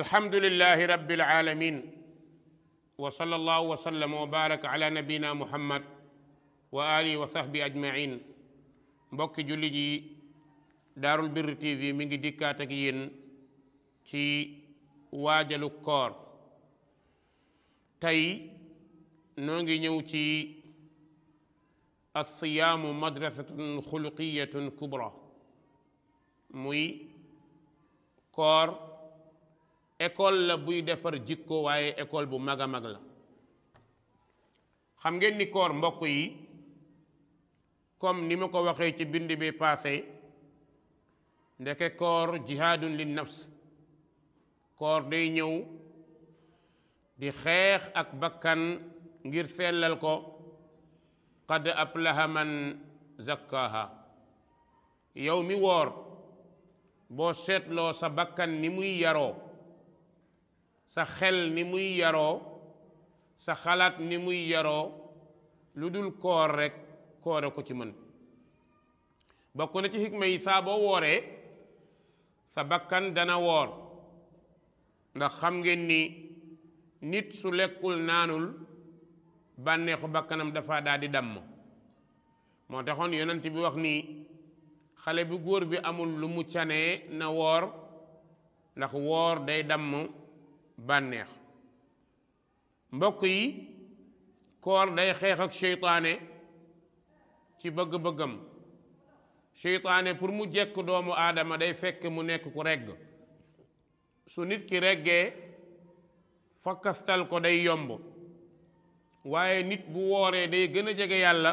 الحمد لله رب العالمين وصلى الله وسلم وبارك على نبينا محمد وآله وصحبه أجمعين بوك جولي دار البر تي في ميغي ديكاتك تي واجلو كور تاي نونغي نيو تي الصيام مدرسة خلقية كبرى موي كور école la buy defar jikko waaye école bu mag a mag la xam ngeen ni koor mbokk yi comme ni ma ko waxee ci bind bi passé ndeke koor jihaadun lin nafs koor day ñëw di xeex ak bakkan ngir sellal ko kadd ab man zakkaha yow mi woor boo seetloo sa bakkan ni muy yaroo sa xel ni muy yaroo sa xalaat ni muy yaroo lu dul koor rekk koore ko ci mën bokk na ci xikma yi saaboo boo wooree sa bakkan dana woor ndax xam ngeen ni nit su lekkul naanul bànneexu bakkanam dafa daal di moo taxoon yonent bi wax nii xale bu góor bi amul lu mu canee na woor ndax woor day damm bànneex mbokk yi koor day xeex ak seytaane ci bëgg-bëggam seytaane pour mu jekk doomu aadama day fekk mu nekk ku regg su nit ki reggee fakkastal ko day yomb waaye nit bu wooree day gën a jege yàlla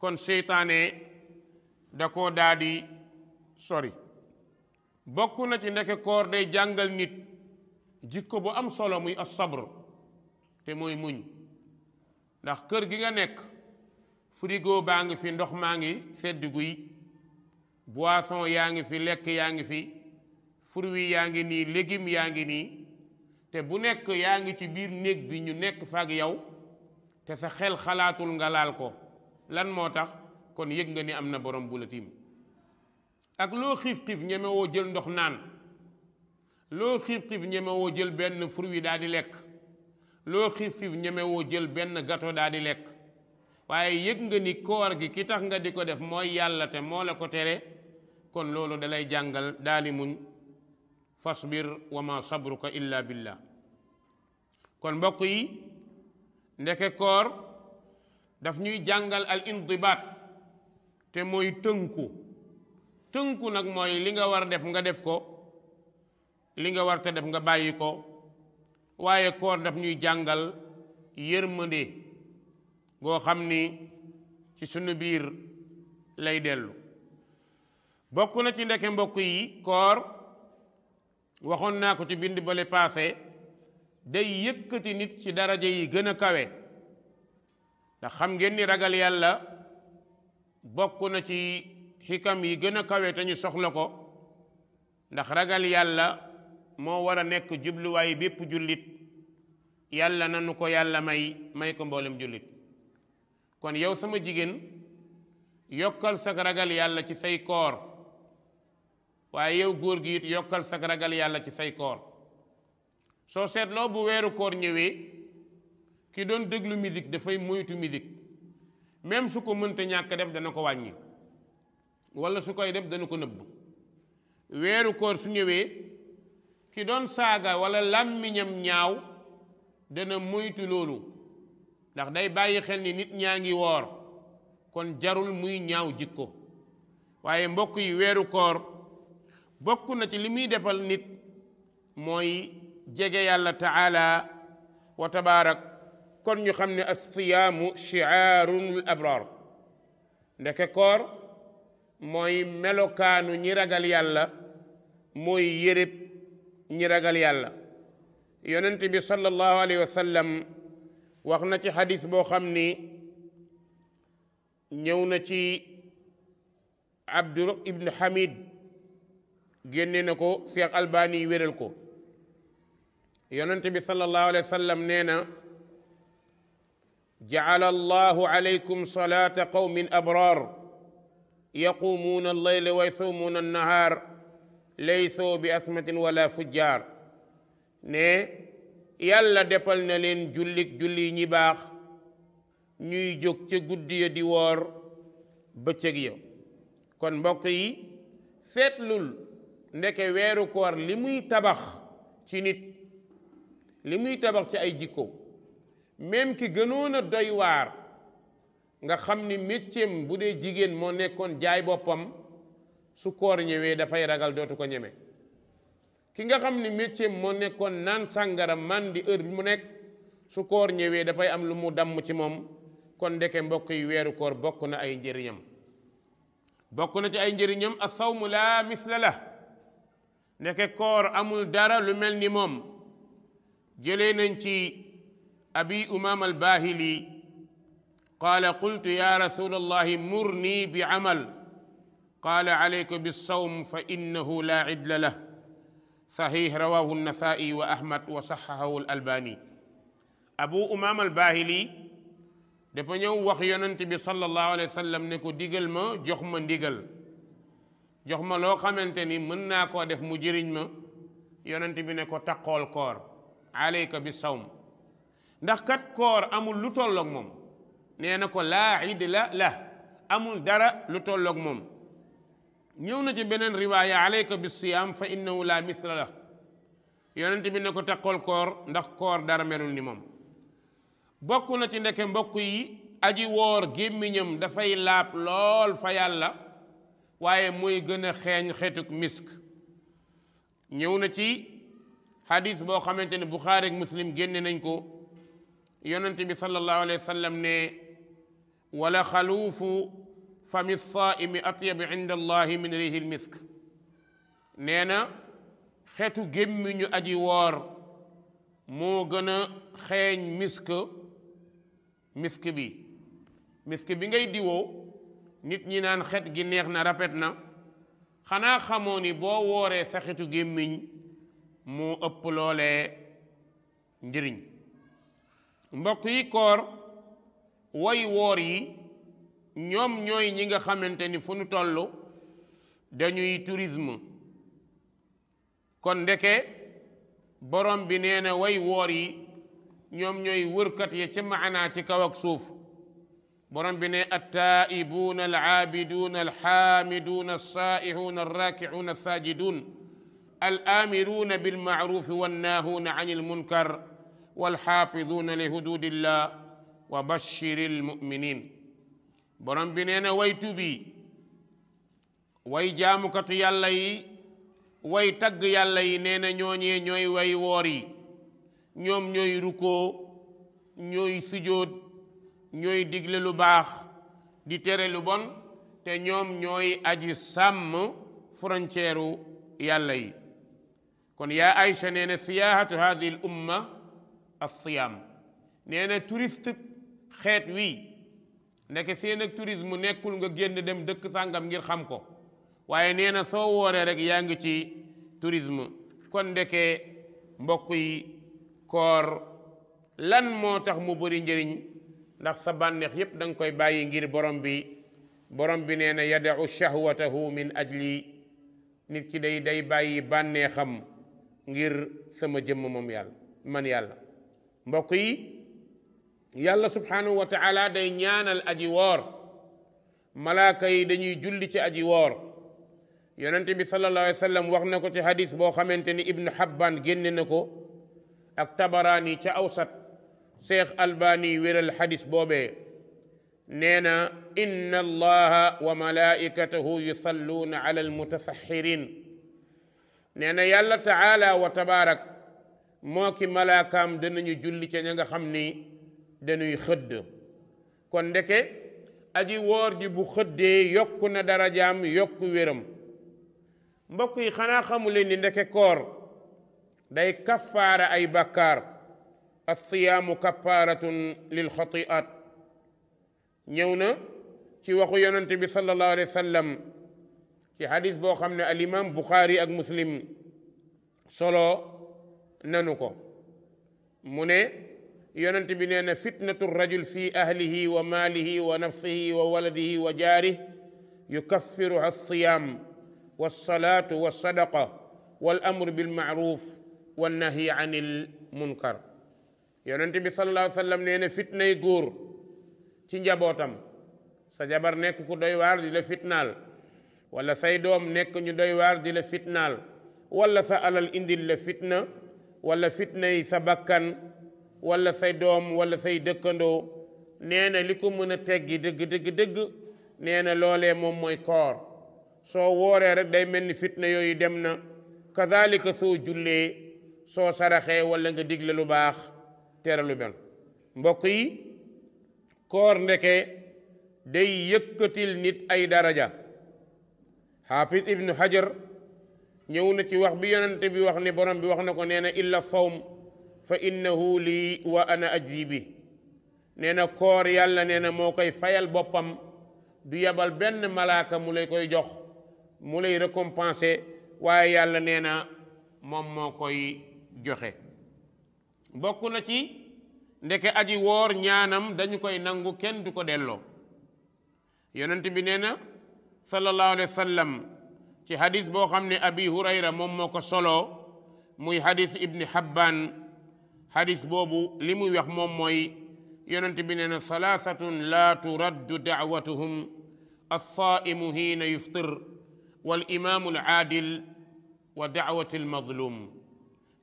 kon seytaane da ko daa sori bokk na ci ndeke koor day jàngal nit jikko bu am solo muy as-sabr te mooy muñ ndax kër gi nga nekk frigo baa ngi fi ndox maa ngi sedd guy boisson yaa ngi fi lekk yaa ngi fi fruits yaa ngi nii légumes yaa ngi nii te bu nekk yaa ngi ci biir néeg bi ñu nekk fa ak yow te sa xel xalaatul nga laal ko lan moo tax kon yëg nga ni am na borom bu la tiim ak loo xiif xiif ñemewoo jël ndox naan loo xiif xiif ñemewoo jël benn fruit wi daal di lekk loo xiif xiif ñemewoo jël benn gâteau daal di lekk waaye yëg nga ni koor gi ki tax nga di ko def mooy yàlla te moo la ko tere kon loolu dalay jàngal daal di muñ fasbir wa ma sabruka illa billah kon mbokk yi ndeke koor daf ñuy jàngal al indibaat te mooy tënku tënku nag mooy li nga war def nga def ko li nga war te def nga bàyyi ko waaye koor daf ñuy jàngal yërmande goo xam ni ci sunu biir lay dellu bokk na ci ndeke mbokk yi koor waxoon naa ko ci bind bale paase day yëkkati nit ci daraja yi gën a kawe ndax xam ngeen ni ragal yàlla bokk na ci xikam yi gën a kawe te ñu soxla ko ndax ragal yàlla moo war a nekk jubluwaay bépp jullit yàlla na nu ko yàlla may may ko mboolem jullit kon yow sama jigéen yokkal sak ragal yàlla ci say koor waaye yow góor gi it yokkal sak ragal yàlla ci say koor soo seetloo bu weeru koor ñëwee ki doon déglu musique dafay moytu musique même su ko mënta ñàkk def dana ko wàññi walla su koy def dana ko nëbb weeru koor su ñëwee ki don saga wala lammi ñam ñaaw dana muytu loolu ndax day bàyyi xel ni nit ñaa ngi woor kon jarul muy ñaaw jikko waaye mbokk yi weeru koor bokk na ci li muy defal nit mooy jege yàlla taala wa tabaarak kon ñu xam ne assiyaamu shiaarul abrar ndeke koor mooy melokaanu ñi ragal yàlla mooy yërëb ñi ragal yàlla yonent bi sallallahu alayhi wa sallam wax na ci xadis boo xam ni ñëw na ci abdu ibn hamid génne na ko cheikh albani wéral ko yonent bi sallallahu alayhi wa sallam nee na جعل الله عليكم صلاة قوم أبرار يقومون الليل ويصومون النهار laysoo bi asmatin wala fujjaar ne yàlla defal na leen jullik julli ñi baax ñuy jóg ca guddi ya di woor bëccëg ya kon mbokk yi seetlul ndeke weeru koor li muy tabax ci nit li muy tabax ci ay jikko même ki gënoon a doy waar nga xam ni métiem bu dee jigéen moo nekkoon jaay boppam su koor ñëwee dafay ragal dootu ko ñeme ki nga xam ni métier moo nekkoon naan sàngara man di heure bi mu nekk su koor ñëwee dafay am lu mu damm ci moom kon ndeke mbokk yi weeru koor bokk na ay njëriñam bokk na ci ay njëriñam sawmu laa misla la ndeke koor amul dara lu mel ni moom jëlee nañ ci abi umam al bahili qala qultu ya rasul allahi murni bi amal قال عليك بالصوم فإنه لا عدل له صحيح رواه النسائي وأحمد وصححه الألباني أبو أمام الباهلي dafa ñëw wax yonent bi sallallahu alayhi wa sallam ne ko digal ma jox ma ndigal jox ma loo xamante ni mën naa koo def mu jëriñ ma yonent bi ne ko taqool koor alayka bi sawm ndax kat koor amul lu tolloog moom nee na ko laa idla la amul dara lu tolloog moom ñëw na ci beneen riwaaya alayka bi siyaam fa innahu la misla la yonent bi ne ko taqool koor ndax koor dara melul ni moom bokk na ci ndeke mbokk yi aji woor gémmiñam dafay laab lool fa yàlla waaye mooy gën a xeeñ xeetuk misk ñëw na ci hadis boo xamante ne buxaari ak muslim génne nañ ko yonent bi sallallahu alayhi wa sallam ne wala xaluufu فمي الصائم أطيب عند الله من ريه المسك نينا خيتو جيم نيو ادي وار مو غنا خين مسك مسك بي مسك بي غاي ديو نيت ني نان خيت جي نيخنا رابيتنا خنا خاموني بو وورے سخيتو جيم مو اپ لولے نديرين مبوكي كور واي وور يي ñom ñoy ñi nga xamanteni fu nu tollu dañuy tourisme kon ndeke borom bi neena way wor yi ñom ñoy wërkat ya ci maana ci kaw ak suuf borom bi ne attaa'ibuuna alaabiduuna alxaamiduuna alsaa'ihuuna alraakicuuna alsaajiduun alaamiruuna bilmacruufi wannaahuuna can almunkar walxaafiduuna li huduudillah wa bashiri almuminin borom bi nee na way tuub way jaamukatu yàlla yi way tagg yàlla yi nee na ñooñee ñooy way woor yi ñoom ñooy rukkoo ñooy sujjóot ñooy digle lu baax di tere lu bon te ñoom ñooy aji sàmm frontière u yàlla yi kon yaa Aïcha nee na siyaahatu umma as siyaam nee na xeet wi nekk seen ak tourisme nekkul nga génn dem dëkk sàngam ngir xam ko waaye nee na soo wooree rek yaa ngi ci tourisme kon ndekee mbokk yi koor lan moo tax mu bëri njëriñ ndax sa bànneex yépp da nga koy bàyyi ngir borom bi borom bi nee na yadau shahwatahu min ajli nit ki day day bàyyi bànneexam ngir sama jëmm moom yàlla man yàlla mbokk yi يالله سبحانه وتعالى داي نيانال ادي وور ملائكه يي داي نيو صلى الله عليه وسلم واخناكو تي حديث بو خامتيني ابن حبان جننكو اك تبراني تي اوسط شيخ الباني وير الحديث بوبي نينا ان الله وملائكته يصلون على المتسحرين نينا يالله تعالى وتبارك موكي ملائكام دنا نيو جولي تي dañuy xëdd kon ndeke aji woor ji bu xëddee yokk na darajaam yokk wéram mbokk yi xanaa xamuleen ni ndeke koor day kaffaara ay bàkkaar alsiyaamu kaffaaratun lil xati'at ñëw na ci waxu yonente bi sallallahu alayhi wa sallam ci xadis boo xam ne alimam buxaari ak muslim solo nanu ko mu ne يونت بنينا فتنة الرجل في أهله وماله ونفسه وولده وجاره يكفرها الصيام والصلاة والصدقة والأمر بالمعروف والنهي عن المنكر يونت صلى الله عليه وسلم نينا فتنة يقور تنجبوتم سجابر نيكو دوي وار دي لفتنال ولا سيدوم نيكو ني دوي وار دي لفتنال ولا سأل الاندل لفتنة ولا فتنة سبكاً wala say doom wala say dëkkandoo nee na li ko mën a teggi dëgg dëgg dëgg nee na loolee moom mooy koor soo wooree rek day mel ni fitna yooyu dem na kazalika soo jullee soo saraxee wala nga digle lu baax tere lu mel mbokk yi koor ndeke day yëkkatil nit ay daraja xaafis ibnu hajar ñëw na ci wax bi yonente bi wax ne borom bi wax na ko nee na illa sawm fa innahu lii wa ana ajzi bi nee na koor yàlla nee na moo koy fayal boppam du yebal benn malaaka mu lay koy jox mu lay récompenser waaye yàlla nee na moom moo koy joxe bokk na ci ndeke aji woor ñaanam dañu koy nangu kenn du ko delloo yonent bi nee na sallallahu alayhi wa ci hadis boo xam ne abi hurayra moom moo ko soloo muy hadis ibni habban xadis boobu li muy wax moom mooy yonent bi nee na salaasatun laa turaddu daawatuhum alsaimu hiina yuftir wal imaamu al aadil wa daawati al mazlum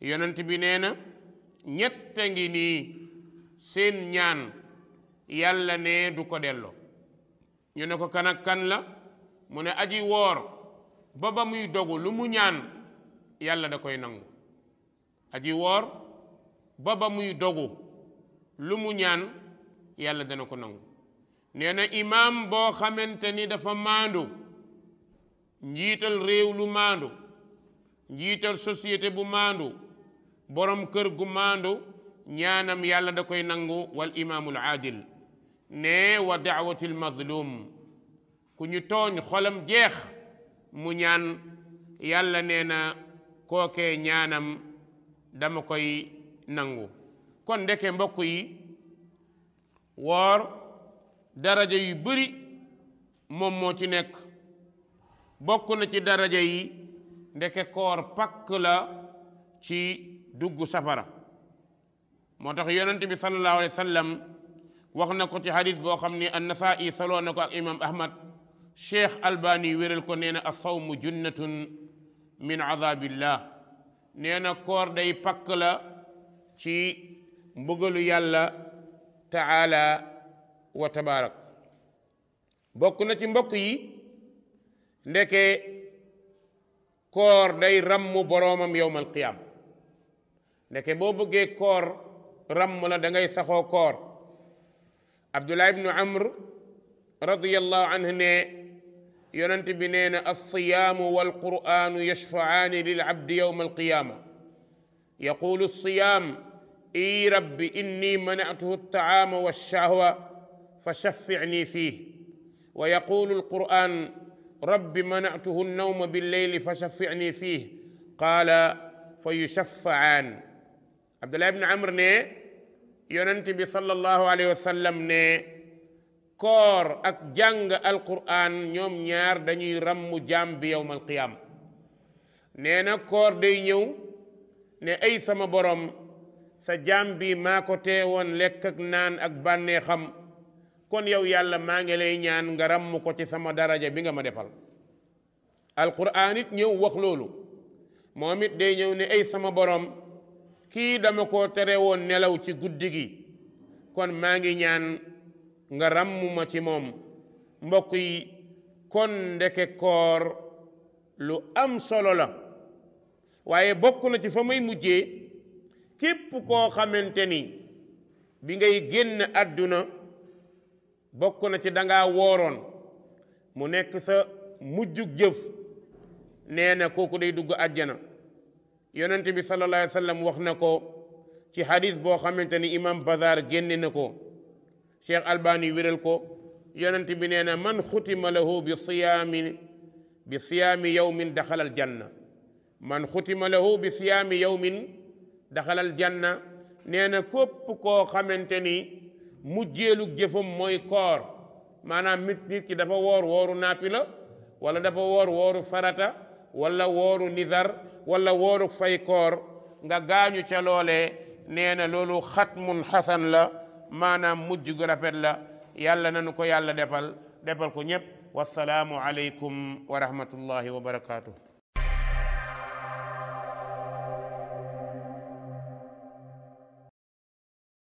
yonent bi nee na ñett a ngi nii seen ñaan yàlla ne du ko delloo ñu ne ko kan ak kan la mu ne aji woor ba ba muy dogu lu mu ñaan yàlla da koy nangu aji woor baba muy dogu lu mu ñaan yàlla dana ko nangu nee na imaam boo xamante ni dafa maandu njiital réew lu maandu njiital société bu maandu borom kër gu maandu ñaanam yàlla da koy nangu wal imaamul aadil ne wa daawatil mazlum ku ñu tooñ xolam jeex mu ñaan yàlla nee na ñaanam dama koy nangu kon ndeke mbokk yi wor daraja yu bëri mom mo ci nek bokku na ci daraja yi ndeke koor pak la ci duggu safara motax tax yonent bi sallallahu alayhi wasallam waxna ko ci hadith bo xamni an-nasa'i soloo na ko ak imam ahmad cheikh albani wéral ko nee na assawmu junnatun min azabillah nee na koor day pakk la ci mbugalu yàlla taala wa tabaarak bokk na ci mbokk yi ndeke koor day ramm boroomam yowmal qiyaam ndeke boo bëggee koor ramm la da ngay saxoo koor abdullah ibnu amr radiallahu anhu ne yonent bi nee na alsiyaamu walqur'aanu yashfa'aani lil abdi yowma alqiyaama yaqulu alsiyaam اي ربي اني منعته الطعام والشهوة فشفعني فيه ويقول القران رب منعته النوم بالليل فشفعني فيه قال فيشفعان عبد الله بن عمر ني يوننتي بي صلى الله عليه وسلم ني كور اك جانغ القران نيوم نيار داني رم جام يوم القيامه نينا كور داي نيو ني اي سما بروم sa jaam bi maa ko teewoon lekk ak naan ak bànnee xam kon yow yàlla maa ngi lay ñaan nga ràmm ko ci sama daraja bi nga ma defal alquran it ñëw wax loolu moom it day ñëw ne ay sama borom kii dama ko tere woon nelaw ci guddi gi kon maa ngi ñaan nga ràmm ma ci moom mbokk yi kon ndeke koor lu am solo la waaye bokk na ci fa may mujjee képp koo xamante ni bi ngay génn àdduna bokk na ci dangaa wooroon mu nekk sa mujjug jëf nee na kooku day dugg àjjana yonent bi sallallahu alayhi wa sallam wax na ko ci hadis boo xamante ni imam bazar génne na ko cheikh albani wéral ko yonent bi nee na man xutima lahu bi siyaami bi siyaami yawmin daxala aljanna man xutima lahu bi siyaami yawmin daxalal janna nee na képp koo xamante ni mujjeelug jëfam mooy koor maanaam nit nit ki dafa woor wooru nappi la wala dafa woor wooru farata wala wooru nizar wala wooru fay koor nga gaañu ca loolee nee na loolu xatmun xasan la maanaam mujj gu rafet la yàlla nanu ko yàlla defal defal ko ñëpp wasalaamu aleykum wa rahmatullahi wa barakaatu.